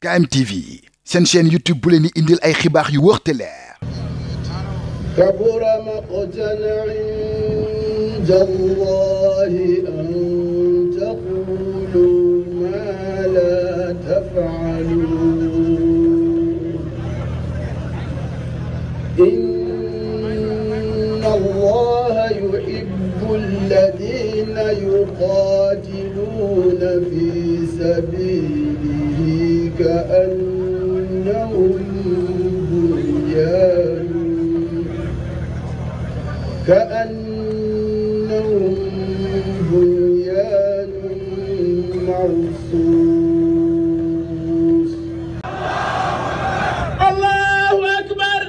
KMTV seen chaîne YouTube bu leen di indil ay xibaar yu wër te leer kabura maqtan inda Allahi an taqulu ma la taf'alun inna Allaha yuhibbu alladhina yuqatiluna fi sabili كأنهم بنيان كأنهم بنيان مرصوص الله أكبر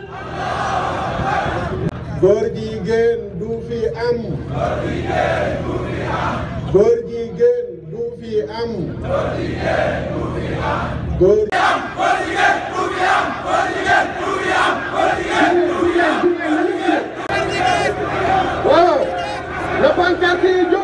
góor jigéen du fi am góor jigéen du fi am góor waaw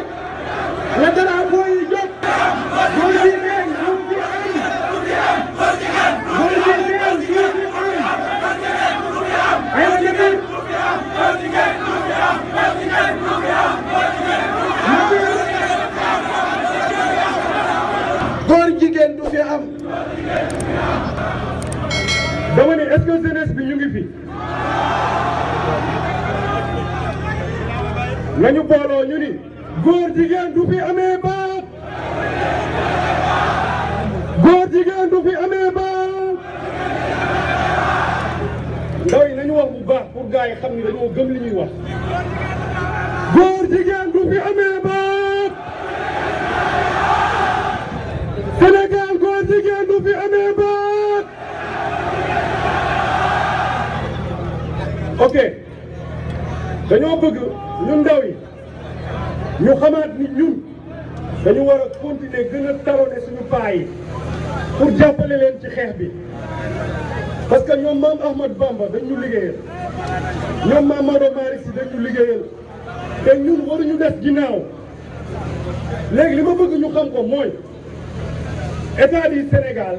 dama ne est-ce que bi ñu ngi fi nañu booloo ñu ni góor jigéen du fi amee baat góor jigéen du fi amee baat ndaw nañu wax bu baax pour xam ni dañoo gëm li ñuy wax góor jigéen du fi amee baat ok dañoo bëgg ñun ndaw yi ñu xamaat ni ñun dañu war a continuer gën a talone suñu paa yi pour jàppale ci xeex bi parce que ñoom maam Ahmad Bamba dañ ñu liggéeyal ñoom maam Maodo Malick Sy dañ ñu liggéeyal te ñun waruñu def ginnaaw léegi li ma bëgg ñu xam ko mooy état du Sénégal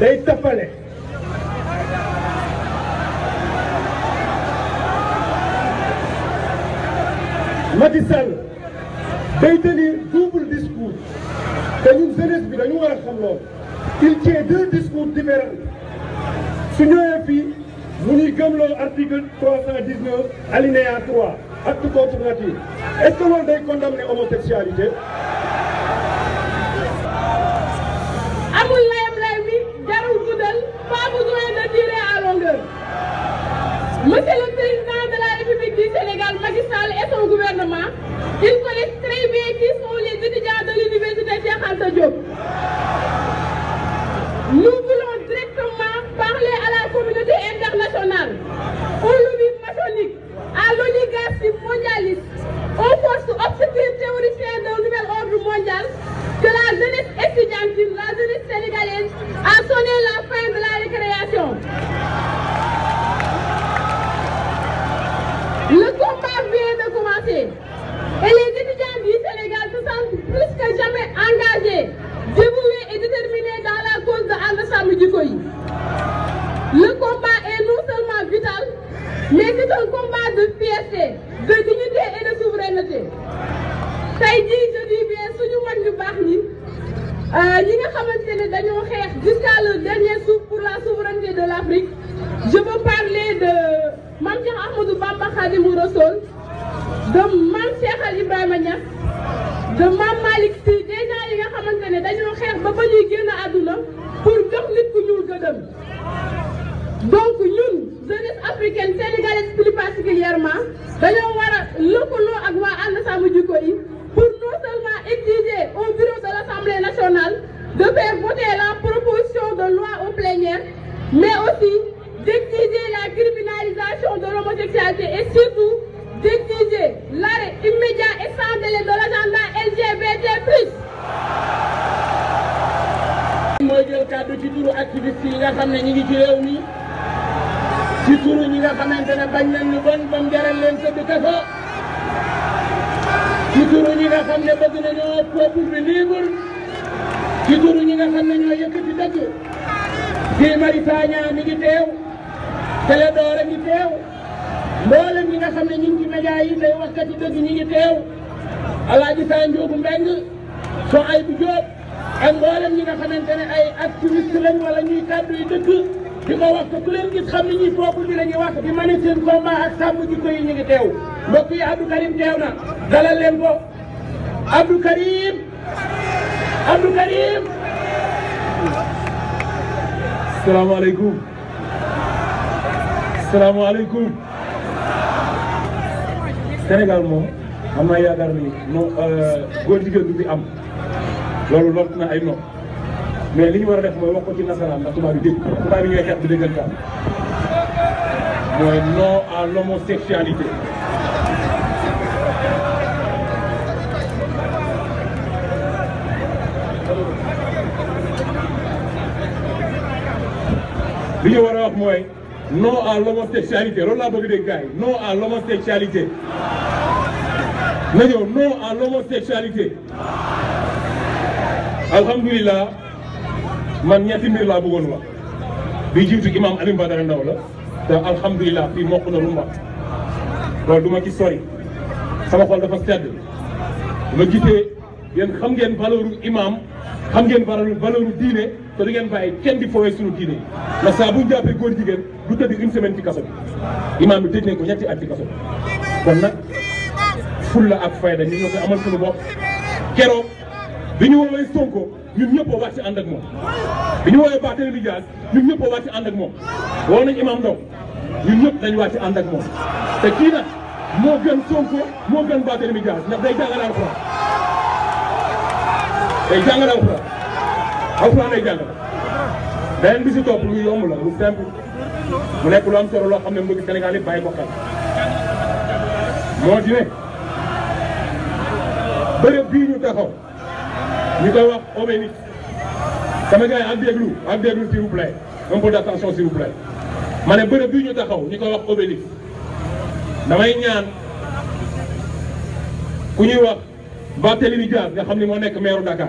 day tappale Macky Sall day tenir double discours te ñun jeunesse bi dañu wara a xam lool il tient deux discours différents su ñëwee fii mu ñuy article 319 alinéa 3 acte contre nature est-ce que loolu day condamné homosexualité amul layam lay mi pas besoin de tirer à longueur son gouvernement, il connaît très bien qui sont les étudiants de l'université Cheikh Diop. Nous voulons directement parler à la communauté internationale, au lobby maçonnique, à l'oligarchie mondialiste, aux forces obscures théoriciennes de nouvel ordre mondial, que la jeunesse étudiantine, la jeunesse sénégalaise, a sonné la fin de la récréation. tey waxkat yi dëgg ñi ngi teew alaaji saa njuubu mbeng so ay bu jóob ak mboolem ñi nga xamante ne ay activiste lañ wala ñuy kàddu yi dëgg di ko wax ko ku leen xam ne ñuy peuple bi la ñuy wax di mane seen combat ak sàmm jikko yi ñu ngi teew mbokk yi Karim teew na dalal leen ko Abdou Karim Abdou Karim salaamaaleykum salaamaaleykum Sénégal moom am naa yaakaar ni non euh, góor jigéen du fi am loolu lot na ay nopp mais li ñu war a def mooy wax ko ci nasaraan ndax tubaab bi dégg tubaab bi ñooy xeex bi déggantaan mooy non à li ñu war a wax mooy non à l'homosexualité loolu laa bëgg dégg gars yi non à l'homosexualité na ñëw non à l'homosexualité alhamdulilah man ñetti mbir laa bëggoon wax bi jiitu imam Alioune Badara Ndao la te alhamdulilah fii mokk na lu mu wax loolu ci sori sama xol dafa sedd ma gisee yéen xam ngeen valeuru imam xam ngeen valeuru valeuru diine te ngeen bàyyi kenn di fooyee suñu diine ndax saa bu ñu jàppee góor jigéen du tëdd une semaine ci kaso imaam bi tëj nañ ko ñetti at ci kaso bi kon nag fulla ak fayda ñu ñoo ko amal suñu bopp keroog bi ñu woowee Sonko ñun ñëpp a wàcc ànd ak moom bi ñu woowee Barthélémy Dias ñun ñëpp a wàcc ànd ak moom woo nañ imaam Ndao ñun ñëpp dañ wàcc ànd ak moom te kii nag moo gën Sonko moo gën Barthélémy Dias ndax day jàngal alxuraan day jàngal alxuraan alxuraan ay jàng beneen bi si topp lu yomb la lu simple mu nekk lu am solo loo xam ne mbëgg Sénégal yi bàyyi ko xel sama gars yi ak déglu ak déglu s'il vous plaît un peu d'attention s'il vous plaît ma ne bërëb bii ñu taxaw ñu koy wax obénite Dakar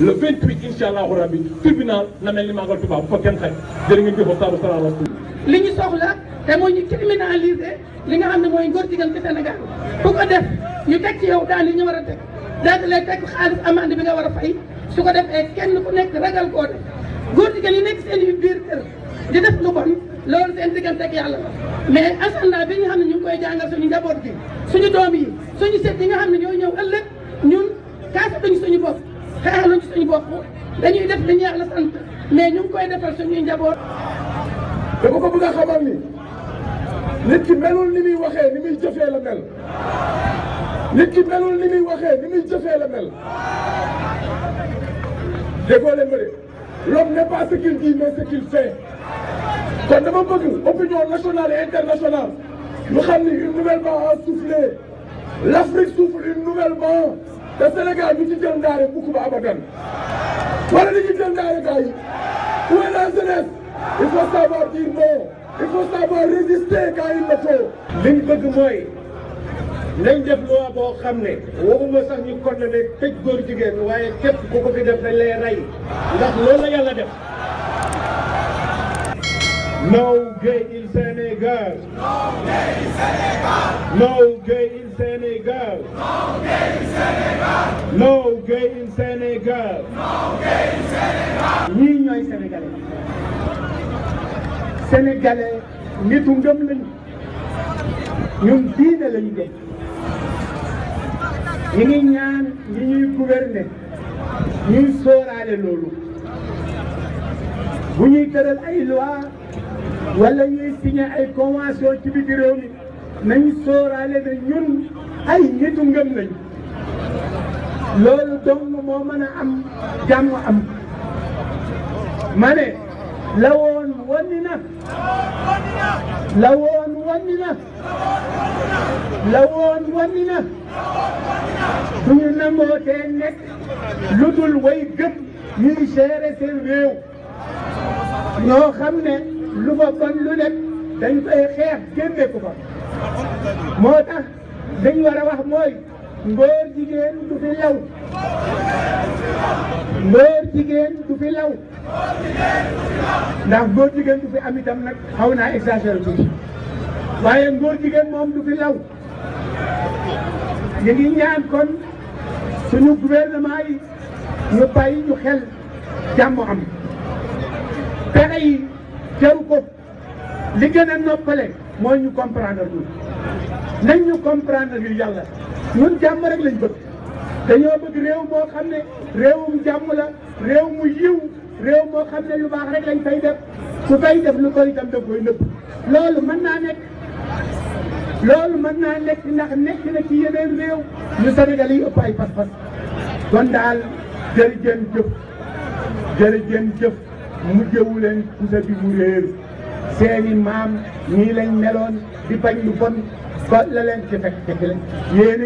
le 28 incha allahu rabi tribunal na mel ni màggal Tuubaa bu fa kenn xëy jërë li li nga xam ne mooy ngóor jigéen ci Sénégal ko def ñu teg ci yow daan yi ñu war a teg daal lay teg xaalis amande bi nga war a fay su ko defee kenn ku nekk ragal koo def góor jigéen yi nekk seen biir kër di def lu bon loolu seen diggante ak yàlla la mais asanda bi nga xam ne ñu ngi koy jàngal suñu njaboot gi suñu doom yi suñu set yi nga xam ne ñoo ñëw ëllëg ñun kaasatuñu suñu bopp xeexaluñ ci suñu bopp dañuy def li ñu yàlla sant mais ñu ngi koy defal suñuy njaboot. dama ko bëgg a xamal ni nit ki melul ni muy waxee ni muy jëfee la mel nit ki melul ni muy waxee ni muy jëfee la mel déggoo leen ma de l'homme n'est pas ce qu'il dit kon dama bëgg opinion nationale et internationale ñu xam ni une nouvelle banc a soufflé l'Afrique souffle une nouvelle banc te Sénégal du ci jël ndaare bukk ba abadan wala di ci jël ndaare yi où est la jeunesse il faut savoir dire non il faut savoir résister ko liñ bëgg mooy nañ def loi boo xam ne waxuma sax ñu condamné tëj góor jigéen waaye képp ku ko fi def dañ lay rey ndax loolu yàlla def No gay in Sénégal. Sénégal. No gay in Sénégal. No gay in Sénégal. No gay in Sénégal. ñii ñooy sénégalais. sénégalais nitu lañu. ñun diine lañu gëm. ñu ngi ñaan ñi ñuy gouverner. ñuy sóoraale loolu. bu ñuy tëral ay loi wala ñuy signé ay convention ci bi réew nañu sóoraale ne ñun ay nitu ngëm lañ loolu dong moo mën a am jàmm am ma ne la woon na la woon wàññi na la na du ñu nangoo lu dul way gëm ñuy gérer seen réew ñoo xam ne lu fa bon lu nekk dañ koy xeex génne ko fa moo tax dañ war a wax mooy ngóor jigéen du fi law ngóor jigéen du fi law ndax ngóor jigéen du fi am itam nag xaw naa exagéré tuuti waaye ngóor jigéen moom du fi law ñu ngi ñaan kon suñu gouvernement yi ñu bàyyi ñu xel jàmm am pexe yi teru ko li gën a noppale mooy ñu comprendre ñu nañ ñu comprendre ñu yàlla ñun jàmm rek lañ bëgg dañoo bëgg réew moo xam ne réewum jàmm la réew mu yiw réew moo xam ne lu baax rek lañ fay def su fay def lu koy dem daf koy loolu mën naa nekk loolu mën naa nekk ndax nekk na ci yeneen réew ñu Sénégal yi ëpp ay pas-pas kon daal jërëjëf jëf jërëjëf jëf mujjewuleen pousa bi mu réer seeni maam nii lañ meloon di bañ lu la leen ci fekk fekk la yéen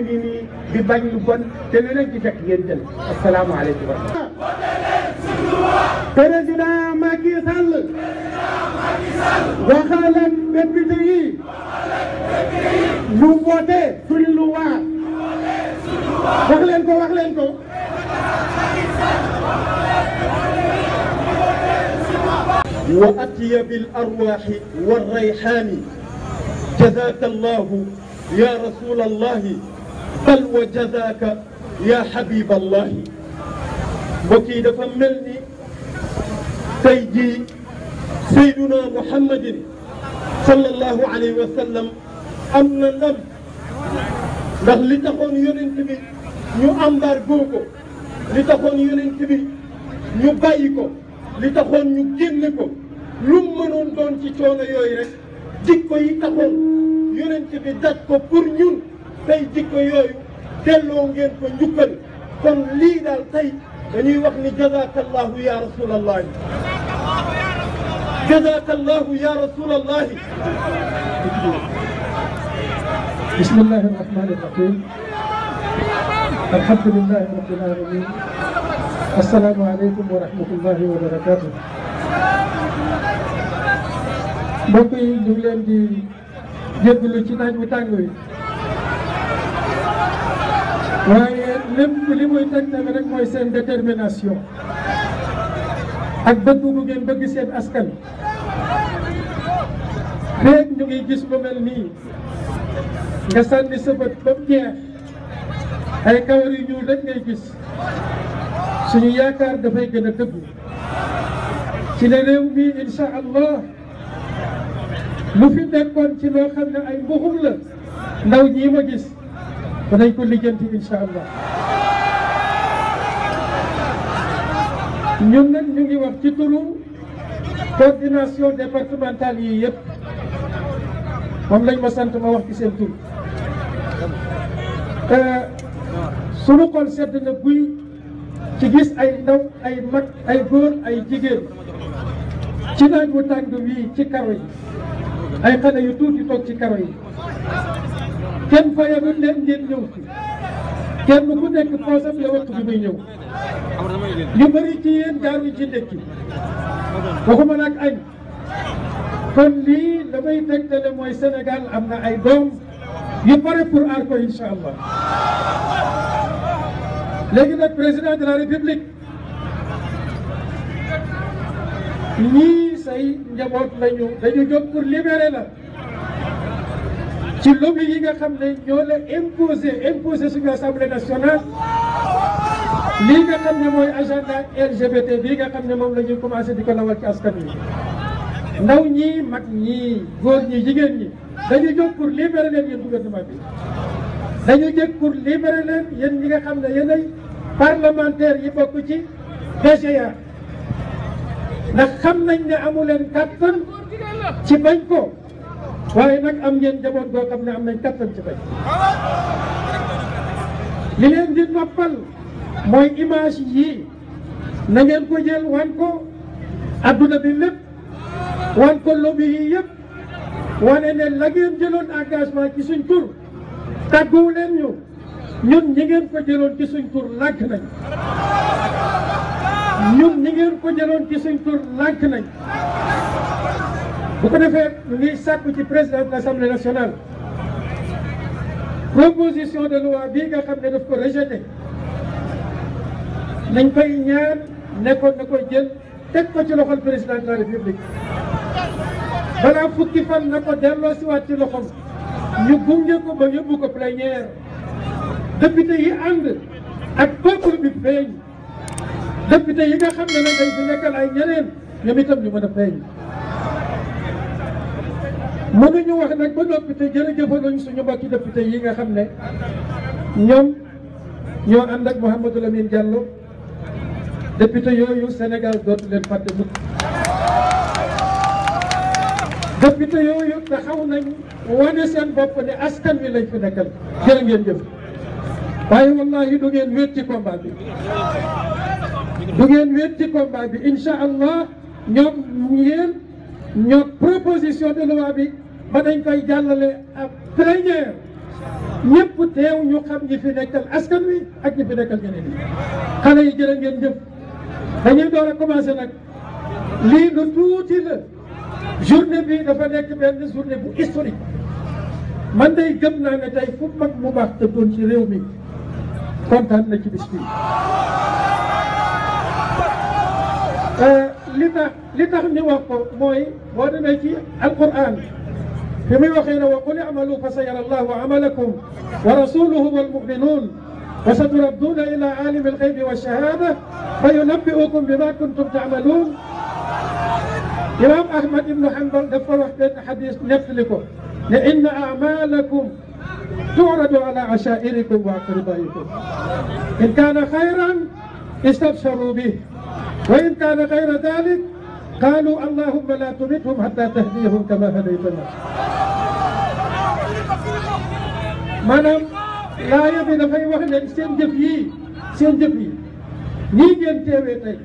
di bañ lu bon te la leen ci fekk yéen jël asalaamaaleykum wa président Macky Sall waxal ak député yi ñu voté suñu loi وأتي بالأرواح والريحان جزاك الله يا رسول الله بل وجزاك يا حبيب الله وكيد فملني سيدي سيدنا محمد صلى الله عليه وسلم أمنا لم ndax li taxoon yonent bi ñu àmbaar góo ko li taxoon yonent bi lu mu mënoon doon ci coono yooyu rek jikko yi taxoon yonent bi daj ko pour ñun tey jikko yooyu delloo ngeen ko njukkal kon lii daal tey dañuy wax ni jazakallahu ya rasulallahi jazakallahu ya rasulallahi bismillahi rahmani rahim alhamdulillahi rabbil alamin assalaamu aleykum wa rahmatullahi wa barakatuh mbokk yi ñu ngi leen di ci naaj bu tàng wi waaye li muy teg tamit rek mooy seen détermination ak bëgg bu ngeen bëgg seen askan feeg ñu ngi gis lu mel nii nga sànni sa ba mu ay kawar yu ñuul rek ngay gis suñu yaakaar dafay gën a dëgg ci ne réew mi incha allah lu fi nekkoon ci loo xam ne ay mbuxum la ndaw ñii ma gis danañ ko lijjanti incha allah ñun nag ñu ngi wax ci turu coordination départementale yi yëpp moom lañ ma sant ma wax ci seen tur euh, suñu xol sedd na buy ci gis ay ndaw ay mag ay góor ay jigéen ci naaj wu tàng wii ci karo yi ay xale yu tuuti toog ci karo yi kenn fayaguñ leen ngeen ñëw ci kenn ku nekk poosam la waxtu bi muy ñëw ñu bëri ci yéen jaaruñ ci ndekki waxuma nag añ kon lii damay tegtale mooy Sénégal am na ay doom yu pare pour aar ko insha allah léegi nag président de la république ñii say njaboot lañu dañu jóg pour libérer la ci lobby yi nga xam ne ñoo la imposé imposé suñu assemblée nationale lii nga xam ne mooy agenda LGBT bi nga xam ne moom la ñu commencé di ko lawal ci askan wi ndaw ñi mag ñi góor ñi jigéen ñi dañu jóg pour libérer leen yéen gouvernement bi dañu jóg pour libérer leen yéen ñi nga xam ne yéenay parlementaire yi bokk ci DGA ndax xam nañ ne amuleen leen ci bañ ko waaye nag am ngeen jaboot goo xam ne am nañ kattan ci bañ li leen di noppal mooy image yii na ngeen ko jël wan ko adduna bi lépp wan ko lobby yi yëpp wane ne la ngeen jëloon engagement ci suñ tur tàgguwu leen ñu ñun ñi ngeen ko jëloon ci suñ tur làgg nañ ñun ñi ngeen ko jëloon ci suñ tur lànk nañ bu ko defee liy sàkku ci président de l' assemblée nationale proposition de loi bii nga xam ne daf ko rejeté nañ ñaan nekkoon na koy jël teg ko ci loxol président de la république balaa fukki fan na ko delloo siwaat ci loxol ñu gunge ko ba yóbbu ko plénière député yi ànd ak peuple bi feeñ député yi nga xam ne nag dañ fi nekkal ay ñeneen ñoom itam ñu mën a feeñ mënuñu wax nag ba noppi te jërëjëfaloñ suñu mbokki député yi nga xam ne ñoom ñoo ànd ak Mouhamadou Lamine Diallo député yooyu Sénégal dootu leen fàtte mukk député yooyu xaw nañ wane seen bopp ne askan wi lañ fi nekkal jërë ngeen jëf waaye wallahi du ngeen wéet ci bi du ngeen wéet ci combat bi incha allah ñoom yéen ñoo proposition de loi bi ba dañ koy jàllale ak plénière ñëpp teew ñu xam ñi fi nekkal askan wi ak ñi fi nekkal ñeneen ñi xale yi jërë ngeen jëf dañuy door a commencé nag lii lu tuuti la journée bi dafa nekk benn journée bu historique man day gëm naa ne tey fu mag mu baax tëddoon ci réew mi kontaan na ci bis bi li tax li tax ñu wax ko mooy boo demee ci alquran fi muy waxee ne wa qul i'malu fa sayara allahu amalakum wa rasuluhu wal mu'minun wa saturadduuna ila alimi alghaybi walshahada fa yunabbi'ukum bima kuntum ta'malun imam ahmad ibnu hanbal dafa wax benn xadis nettali ko ne inna a'malakum تعرض على عشائركم وأقربائكم إن كان خيرا استبشروا به وإن كان غير ذلك قالوا اللهم لا تردهم حتى تهديهم كما هديتنا منام لا يبي دفعي وحنا سندفي سندفي نيجن تيبيتي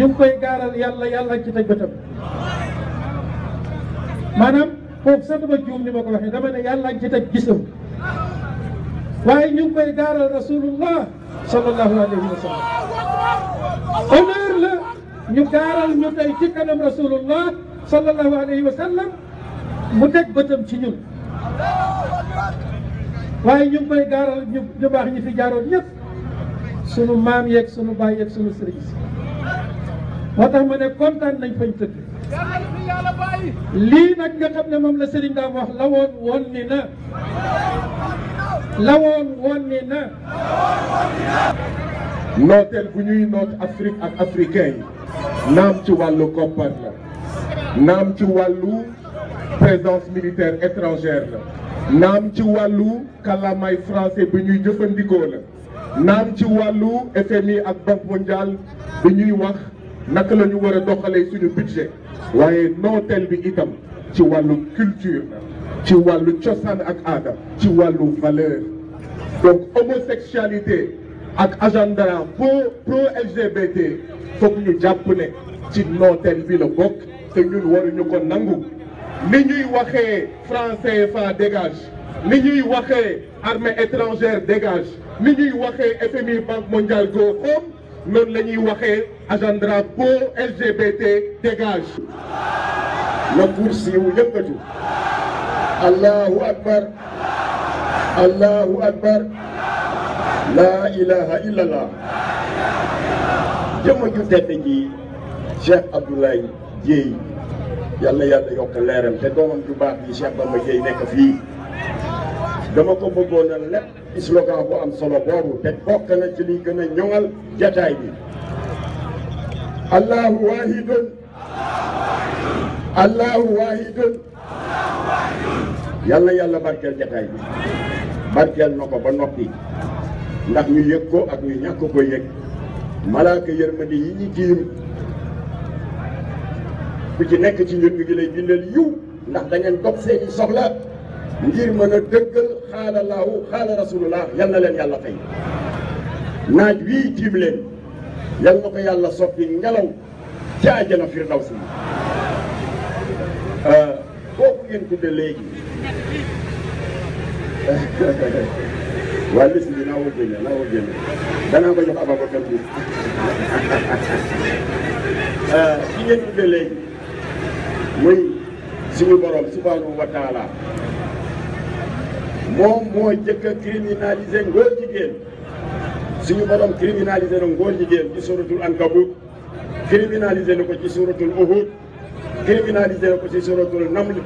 يبقي قارل يلا يلا كتاك بتب منام فوق سنبا جومني بقوحي دمنا يلا كتاك جسم وإن يبقي قارل رسول الله sallallahu alayhi wa sallam honneur la ñu gaaral ñu tey ci kanam rasulullah sallallahu alayhi wa sallam mu teg bëtam ci ñun waaye ñu ngi koy gaaral ñu ñu baax ñi fi jaaroon ñëpp sunu maam yeeg sunu baay yeeg sunu sëriñ si moo tax ma ne kontaan nañ fañ tëdd lii nag nga xam ne moom la sëriñ daam wax la woon woon ni na La na Notre nous Afrique africain Nam naam koppar présence militaire étrangère Nam naam ci France Nous français bi ñuy de la naam ci walu FMI ak Banque mondiale bi ñuy wax nak budget bi itam ci walu culture ci le chosan ak tu vois walu valeur donc homosexualité ak agenda pro pro LGBT foog ñu jàpp nous ci nous bi bokk ñun ko nangu. dégage ni ñuy armée étrangère dégage ni ñuy waxee FMI banque mondiale go home Nous la pro LGBT dégage. le Allahu Akbar Allahu Akbar La ilaha illallah jëmm ju tedd ji Cheikh Abdoulaye Dieye Yalla yalla yok leeram te doom ju baax bi Cheikh Bamba Dieye nek fi dama ko bëggona lepp bu am solo bobu te bokk na ci li gëna ñongal jotaay bi Allahu wahidun Allahu wahidun Allahu wahidun yàlla yàlla barkeel jataay bi barkeel na ko ba noppi ndax ñu yég ko ak ñu ñàkk ko yëg malaaka yërmande yi ñu tiim ku ci nekk ci ñun gi ngi lay bindal yiw ndax da ngeen dog seeni ngir mën a dëggal xaala xaala rasulullah yal leen yàlla fay naaj wii tiim leen yal ko yàlla soppi ngelaw ci àjjana firdaws si kooku ngeen tudde léegi waa liste bi naa ko génne naa ko génne danaa ko jox Ababacar bi euh, ki ngeen tuddee léegi muy suñu borom subhanahu wa taala moom moo jëkk a criminalisé jigéen suñu borom criminalisé na ngóor jigéen ci suratul Ankabut criminalisé na ko ci suratul Uhud Criminaliser na ko ci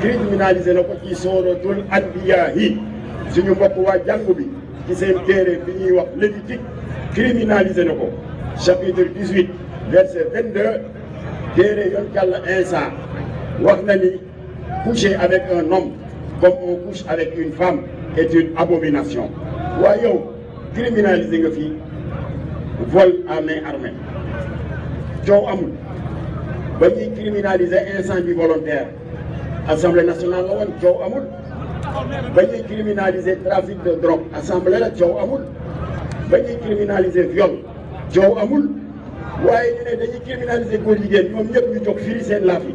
Criminaliser nos potes, qui sont ci à anbiyaahi suñu mbokk wa pouvons bi ci seen téere bi ñuy wax Lévitique Criminaliser nos chapitre 18 verset 22 un coucher avec un homme comme on couche avec une femme est une abomination Voyons, yow criminaliser nga vol à main armée ba ñuy criminaliser bi volontaire assemblée nationale la woon coow amul ba ñuy criminaliser trafic de drogue assemblée la amul ba ñuy criminaliser viol coow amul waaye ñu ne dañuy criminaliser góor jigéen ñoom ñëpp ñu jóg firi seen laaf yi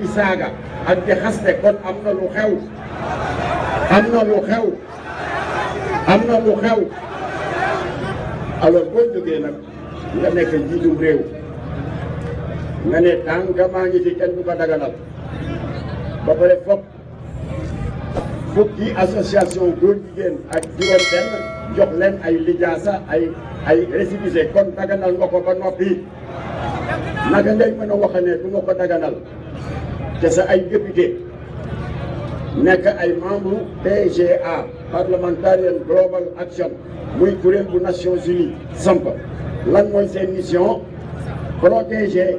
ci saaga ak di xaste kon am na lu xew am na lu xew am na lu xew alors boo jógee nag nga nekk njiitum réew nga ne tàngamaa ngi fi kenn du ko daganal ba pare fop fukki association góor jigéen ak juróom benn jox leen ay lijaasa ay ay récépissé kon daganal nga ko ba noppi naka ngay mën a wax ne du ma ko daganal te sa ay député nekk ay membre PGA Parliamentarian Global Action muy kuréel bu Nations Unies samp lan mooy seen mission protéger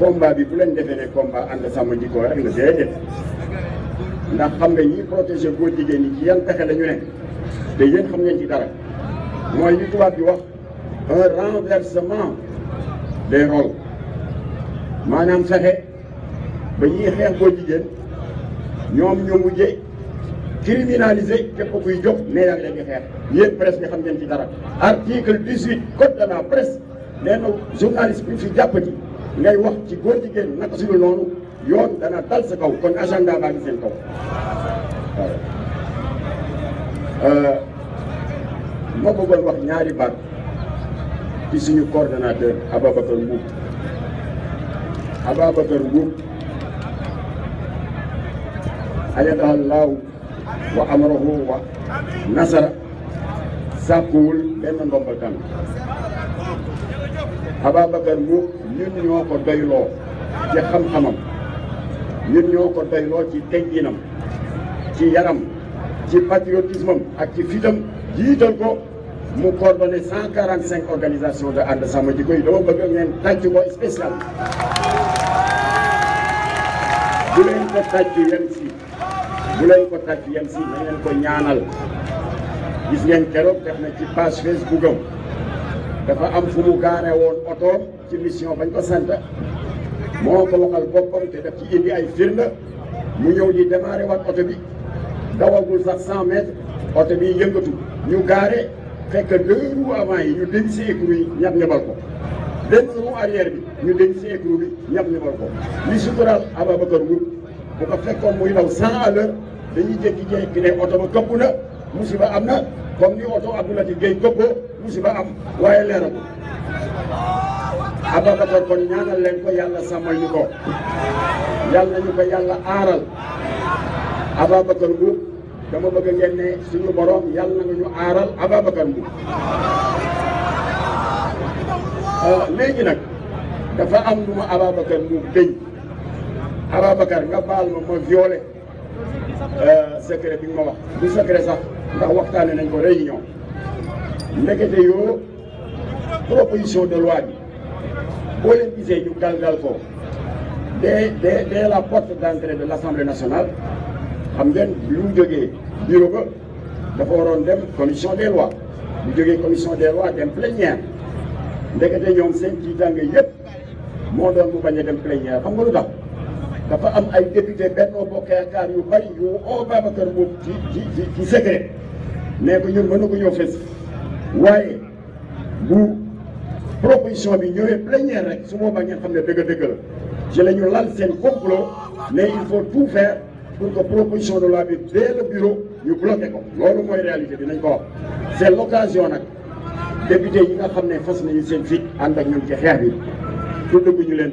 combat bi bu leen defee ne combat and sama jikko rek la déedéet ndax xam nga ñi protéger góor jigéen ni ci yan pexe la ñu ne te xam ngeen ci dara moy li tubaab bi wax un renversement des rôles manam saxé ba ñuy xeex góor jigéen ñom ñu mujjee criminaliser képp kuy jóg ne yaa ngi leen di xeex yéen presse bi xam ngeen ci dara article 18 code de la presse nee na journaliste bi fi jàppati ngay wax ci góor jigéen naka suñu non yoon dana dal sa kaw kon agenda ba ngi seen kaw euh eh. eh, ma bëggal wax ñaari baat ci suñu coordonnateur Ababacar Mbour Ababacar Mbour ayadaha allah wa amrahu wa nasara sakul ben ndombal tan Ababacar Mboup ñun ñoo ko doyloo ci xam-xamam ñun ñoo ko doyloo ci tegginam ci yaram ci patriotisme ak ci fitam jiital ko mu coordonné 145 organisations de ànd sàmm jikko yi dama bëgg ngeen tàcc ko spécial. bu leen ko tàcc yem si bu leen ko tàcc yem si ko ñaanal gis ngeen keroog def na ci page Facebook dafa am fu mu gaare woon otoom ci mission bañ ko sant moo ko waxal boppam te daf ci indi ay firnde mu ñëw di démarré waat oto bi dawagul sax cent mètres oto bi yëngatu ñu gaare fekk deux roues avant yi ñu denc si écrou yi ñab ñabal ko benn roue arrière bi ñu denc si écrou bi ñab ñabal ko li suturaal Ababacar Wout bu ko fekkoon muy daw cent à l'heure dañuy jékki-jékki ne oto ba këpp na musiba amna comme ni oto Abdoulaye gey Gogo musiba am waaye leeragu Ababacar kon ñaanal len ko yalla sàmmal ni ko yalla ñu ko yàlla aaral Ababacar bu dama bëgg ngeen suñu borom yalla nga ñu aaral Ababacar bu euh, legi nak dafa am lu ma Ababacar Mboup déñ Ababacar nga baal ma ma violé euh, secret bi ma wax du secret sax ndax waxtaane nañ ko réunion ndekete yoo proposition de loi bi boo leen gisee ñu galgal ko dès dès dès la porte d'entrée de l'Assemblée nationale xam ngeen lu mu jógee bureau ba dafa waroon dem commission des lois lu jógee commission des lois dem plénière ndekete ñoom seen ci jàng yépp moo doon mu bañ a dem plénière xam nga lu tax dafa am ay député Benno Bokk Yaakaar yu bari yu oo Babacar moom ci ci ci ci secret nee ko ñun mënu ko ñëw fës waaye bu proposition bi ñëwee plénière rek su boobaa ngeen xam ne dëgg-dëgg la ci la ñu lal seen complot mais il faut tout pour que proposition de loi bi le bureau ñu bloqué ko loolu mooy réalité bi nañ ko wax c'est l'occasion nag député yi nga xam ne fas nañu seen fit ànd ak ñun ci xeex bi tuddaguñu leen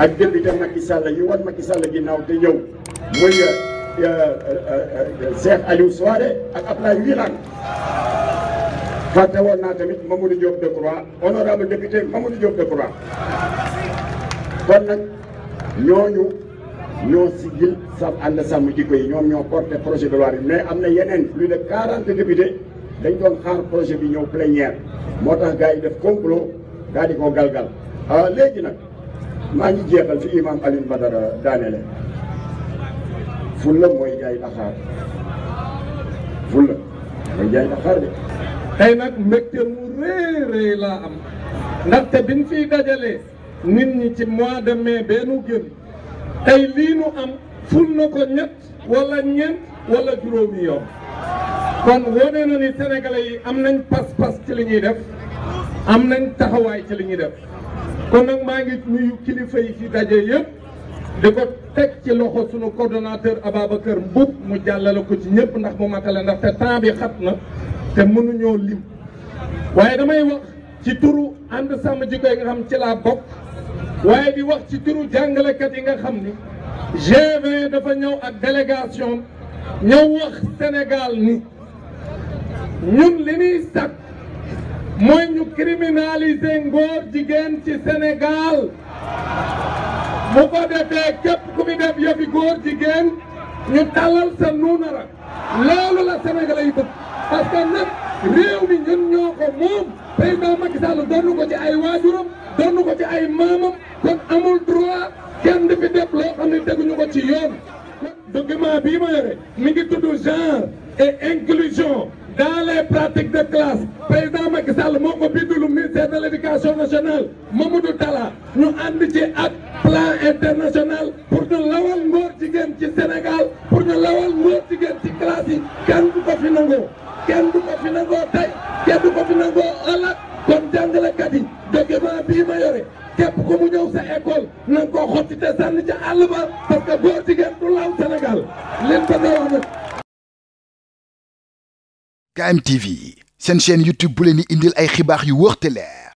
ak député Macky Sall yi wan Macky Sall ginnaaw te ñëw muy euh, euh, euh, Cheikh Aliou Souaré ak Abdoulaye Wilane fàtte woon naa tamit Mamadou Diop Decroix honorable député Mamadou Diop Decroix kon nag ñooñu ñoo sigil sa ànd sàmm jikko yi ñoom ñoo porté projet de loi mais am na yeneen plus de 40 députés dañ doon xaar projet bi ñëw plénière moo tax gaa yi def complot daal di ko galgal ah, léegi nag maa ngi jeexal fi imam Alioune Badara daane la fulla mooy jaay Dakar fulla mooy jaay Dakar de tey nag mbégte mu rëy rëy laa am ndaxte biñ fiy dajalee nit ñi ci mois de mai bennu génn tey lii nu am ful na ko ñett wala ñeent wala juróomi yoon kon wone na ni sénégalais yi am nañ pas-pas ci li ñuy def am nañ taxawaay ci li ñuy def kon nag maa ngi nuyu kilifa yi fi daje yëpp di ko teg ci loxo sunu coordonnateur Ababacar Mboup mu jàllale ko ci ñëpp ndax mu matale ndax te temps bi xat na te mënuñoo lim waaye damay wax ci turu ànd sàmm jikko yi nga xam ci laa bokk waaye di wax ci turu jàngalekat yi nga xam ni G20 dafa ñëw ak délégation ñëw wax Sénégal ni ñun li ñuy sàkk മുഞ്ഞു ക്രിമിനാലിസ് engordigante Senegal bu ko defee képp ku mi def yëfi góor jigéen ñu talal sa nuunara loolu la Sénégalais yi bëgg parce que nag réew mi ñun ñoo ko moom président Macky Sall donnu ko ci ay waajuram donnu ko ci que maamam kon amul droit kenn di fi def loo xam ne teguñu ko ci yoon document bii dans les pratiques de classe président Macky Sall moo ko bindulu ministère de l' éducation nationale Mamadou Talla ñu ànd ci ak plan international pour ñu lawal ngóor jigéen ci Sénégal pour ñu lawal ngóor jigéen ci classe yi kenn du ko fi nangoo kenn du ko fi nangoo tey kenn du ko fi nangoo ëllëg kon jàngalekat yi document bii ma képp ku mu ñëw sa école na nga koo xotti te sànni ca àll ba parce que jigéen du law Sénégal leen ko nga wax nag KMTV seen chaîne YouTube bu leen di indil ay xibaax yu wóor te leer